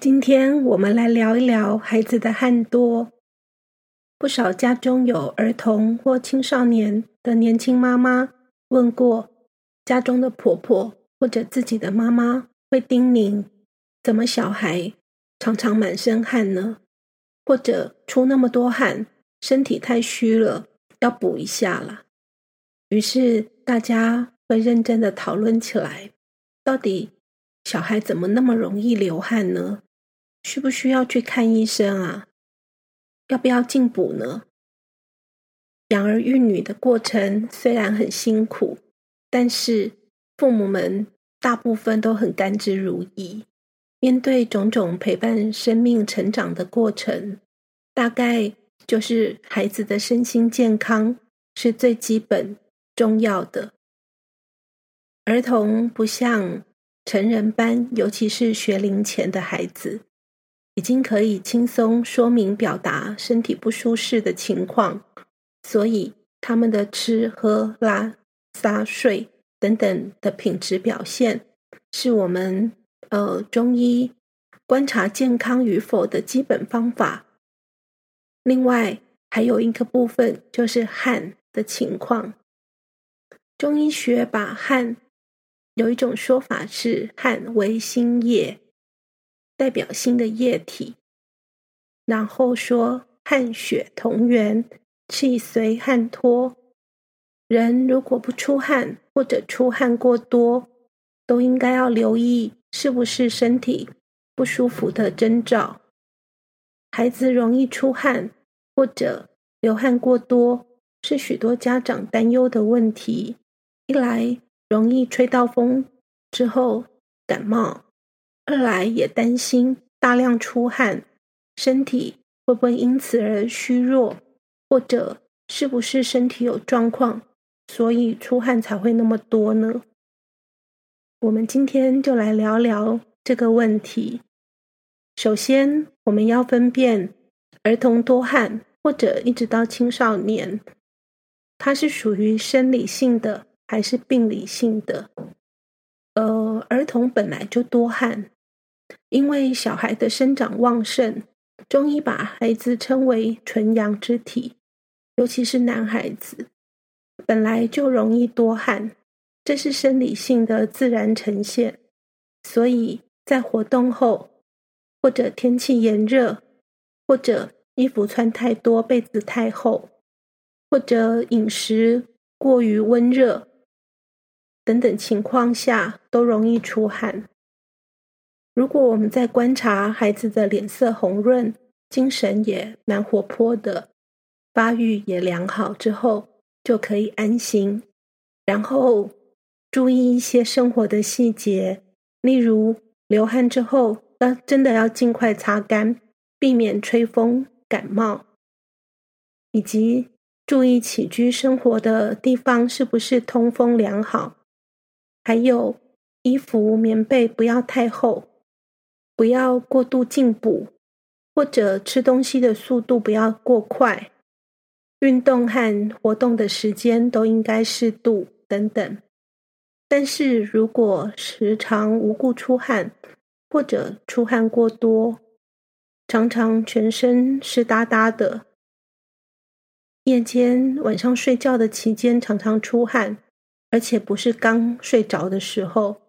今天我們來聊一聊孩子的汗多。不少家中有兒童或青少年的年輕媽媽問過家中的婆婆或者自己的媽媽，會叮嚀怎麼小孩常常滿身汗呢？或者出那麼多汗，身體太虛了，要補一下了。於是大家會認真地討論起來，到底小孩怎麼那麼容易流汗呢？需不需要去看醫生啊？要不要進補呢？養兒育女的過程，雖然很辛苦，但是父母們大部分都很甘之如飴。面對種種陪伴生命成長的過程，大概就是孩子的身心健康是最基本重要的。兒童不像成人般，尤其是學齡前的孩子。已經可以輕鬆說明表達身體不舒適的情況，所以他們的吃喝、拉、撒、睡等等的品質表現，是我們呃中醫觀察健康與否的基本方法。另外還有一個部分就是汗的情況，中醫學把汗有一種說法是汗為心液。代表心的液體，然後說汗血同源，氣隨汗脫。人如果不出汗或者出汗過多，都應該要留意是不是身體不舒服的徵兆。孩子容易出汗或者流汗過多，是許多家長擔憂的問題。一來容易吹到風之後感冒。二來也擔心大量出汗，身體會不會因此而虛弱，或者是不是身體有狀況，所以出汗才會那麼多呢？我們今天就來聊聊這個問題。首先，我們要分辨兒童多汗，或者一直到青少年，它，是屬於生理性的還是病理性的？呃，兒童本來就多汗。因為小孩的生長旺盛，中醫把孩子稱為純陽之體，尤其是男孩子，本來就容易多汗，這是生理性的自然呈現。所以在活動後，或者天氣炎熱，或者衣服穿太多、被子太厚，或者飲食過於溫熱等等情況下，都容易出汗。如果我們在觀察孩子的臉色紅潤、精神也蠻活潑的、發育也良好之後，就可以安心。然後注意一些生活的細節，例如流汗之後要、呃、真的要盡快擦乾，避免吹風感冒，以及注意起居生活的地方是不是通風良好，還有衣服、棉被不要太厚。不要過度進補，或者吃東西的速度不要過快，運動和活動的時間都應該適度等等。但是如果時常無故出汗，或者出汗過多，常常全身濕噠噠的，夜間晚上睡覺的期間常常出汗，而且不是剛睡着的時候。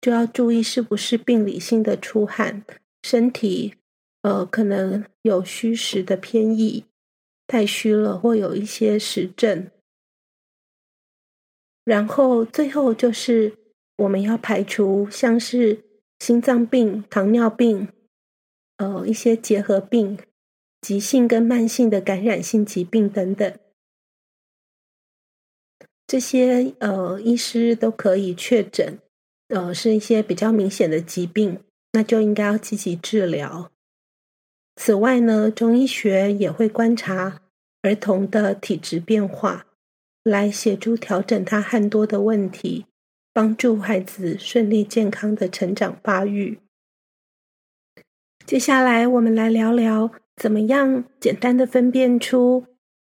就要注意是不是病理性的出汗，身體呃可能有虛實的偏移，太虛了或有一些實症。然後最後就是我們要排除像是心臟病、糖尿病，呃一些結核病、急性跟慢性的感染性疾病等等，這些呃醫師都可以確診。呃，是一些比較明顯的疾病，那就應該要積極治療。此外呢，中醫學也會觀察兒童的體質變化，來協助調整他汗多的問題，幫助孩子順利健康的成長發育。接下來，我們來聊聊怎麼樣簡單的分辨出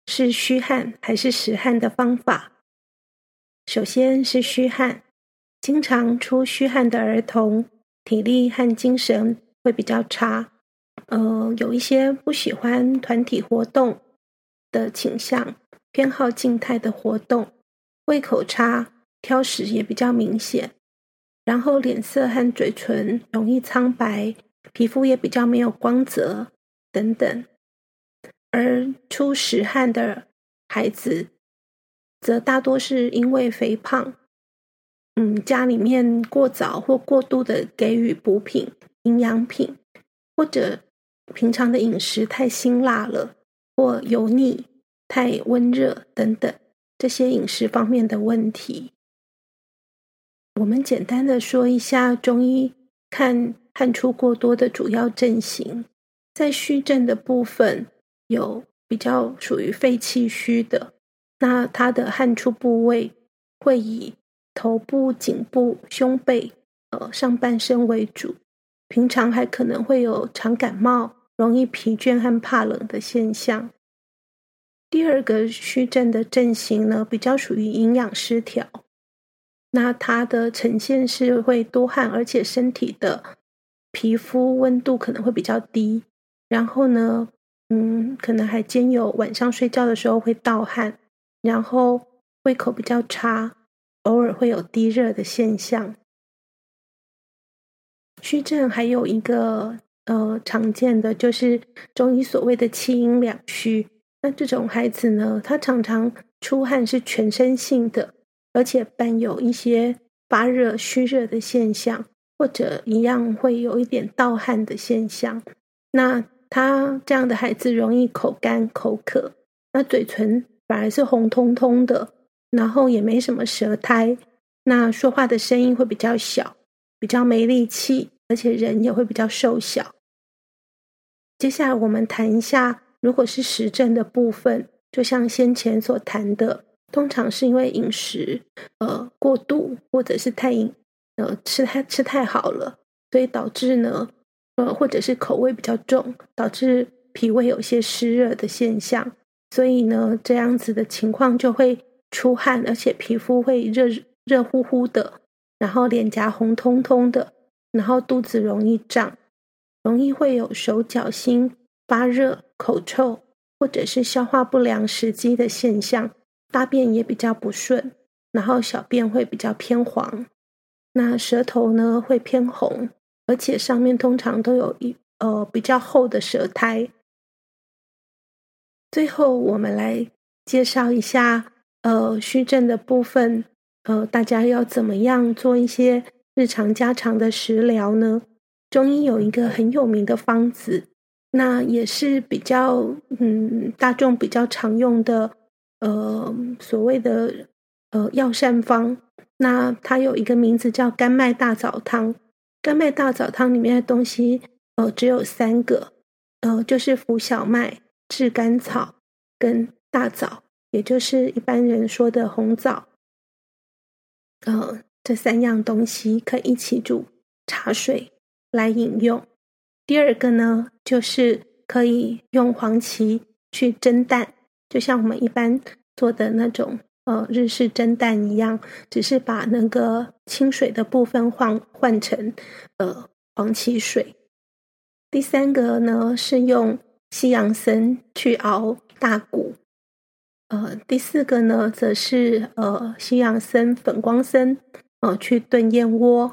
是虛汗還是實汗的方法。首先是虛汗。經常出虛汗的兒童，體力和精神會比較差。呃，有一些不喜歡團體活動的傾向，偏好靜態的活動，胃口差，挑食也比較明顯。然後臉色和嘴唇容易蒼白，皮膚也比較沒有光澤等等。而出實汗的孩子，則大多是因為肥胖。嗯，家裡面過早或過度的給予補品、營養品，或者平常的飲食太辛辣了或油膩、太溫熱等等，這些飲食方面的問題。我們簡單的說一下中醫看汗出過多的主要症型，在虛症的部分有比較屬於肺氣虛的，那它的汗出部位會以頭部、頸部、胸背，呃，上半身為主。平常還可能會有常感冒、容易疲倦和怕冷的現象。第二個虛症的症型呢，比較屬於營養失調。那它的呈現是會多汗，而且身體的皮膚溫度可能會比較低。然後呢，嗯，可能還兼有晚上睡覺的時候會盜汗，然後胃口比較差。偶爾會有低熱的現象。虛症還有一個呃常見的就是中醫所謂的氣陰兩虛。那這種孩子呢，他常常出汗是全身性的，而且伴有一些發熱、虛熱的現象，或者一樣會有一點盜汗的現象。那他這樣的孩子容易口乾口渴，那嘴唇反而是紅彤彤的。然後也沒什麼舌苔，那說話的聲音會比較小，比較沒力氣，而且人也會比較瘦小。接下來我們談一下，如果是實證的部分，就像先前所談的，通常是因為飲食呃過度，或者是太飲呃吃太吃太好了，所以導致呢呃或者是口味比較重，導致脾胃有些濕熱的現象，所以呢這樣子的情況就會出汗，而且皮膚會熱熱乎乎的，然後臉頰紅彤彤的，然後肚子容易脹，容易會有手腳心發熱、口臭，或者是消化不良、食積的現象，大便也比較不順，然後小便會比較偏黃。那舌頭呢會偏紅，而且上面通常都有一呃比較厚的舌苔。最後，我們來介紹一下。呃，虛症的部分，呃，大家要怎麼樣做一些日常家常的食療呢？中醫有一個很有名的方子，那也是比較嗯大眾比較常用的呃所謂的呃藥膳方。那它有一個名字叫甘麥大棗湯。甘麥大棗湯裡面的東西，呃，只有三個，呃，就是浮小麥、炙甘草跟大棗。也就是一般人說的紅棗，呃，這三樣東西可以一起煮茶水來飲用。第二個呢，就是可以用黃芪去蒸蛋，就像我們一般做的那種呃日式蒸蛋一樣，只是把那個清水的部分換換成呃黃芪水。第三個呢，是用西洋參去熬大骨。呃，第四個呢，則是呃西洋參、粉光參，哦、呃，去燉燕窩。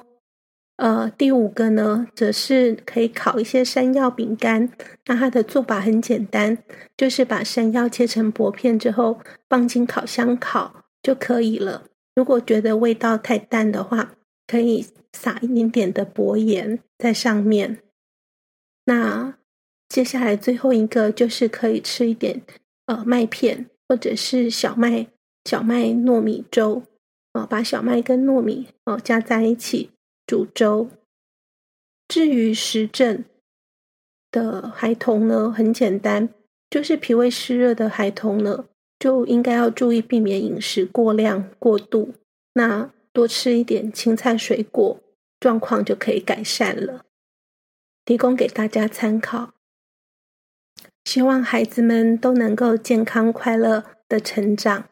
呃，第五個呢，則是可以烤一些山藥餅乾。那它的做法很簡單，就是把山藥切成薄片之後放進烤箱烤就可以了。如果覺得味道太淡的話，可以撒一點點的薄鹽在上面。那接下來最後一個就是可以吃一點呃麥片。或者是小麥、小麥糯米粥，啊，把小麥跟糯米哦、啊、加在一起煮粥。至於實證的孩童呢，很簡單，就是脾胃濕熱的孩童呢，就應該要注意避免飲食過量、過度，那多吃一點青菜、水果，狀況就可以改善了。提供給大家參考。希望孩子們都能夠健康快樂的成長。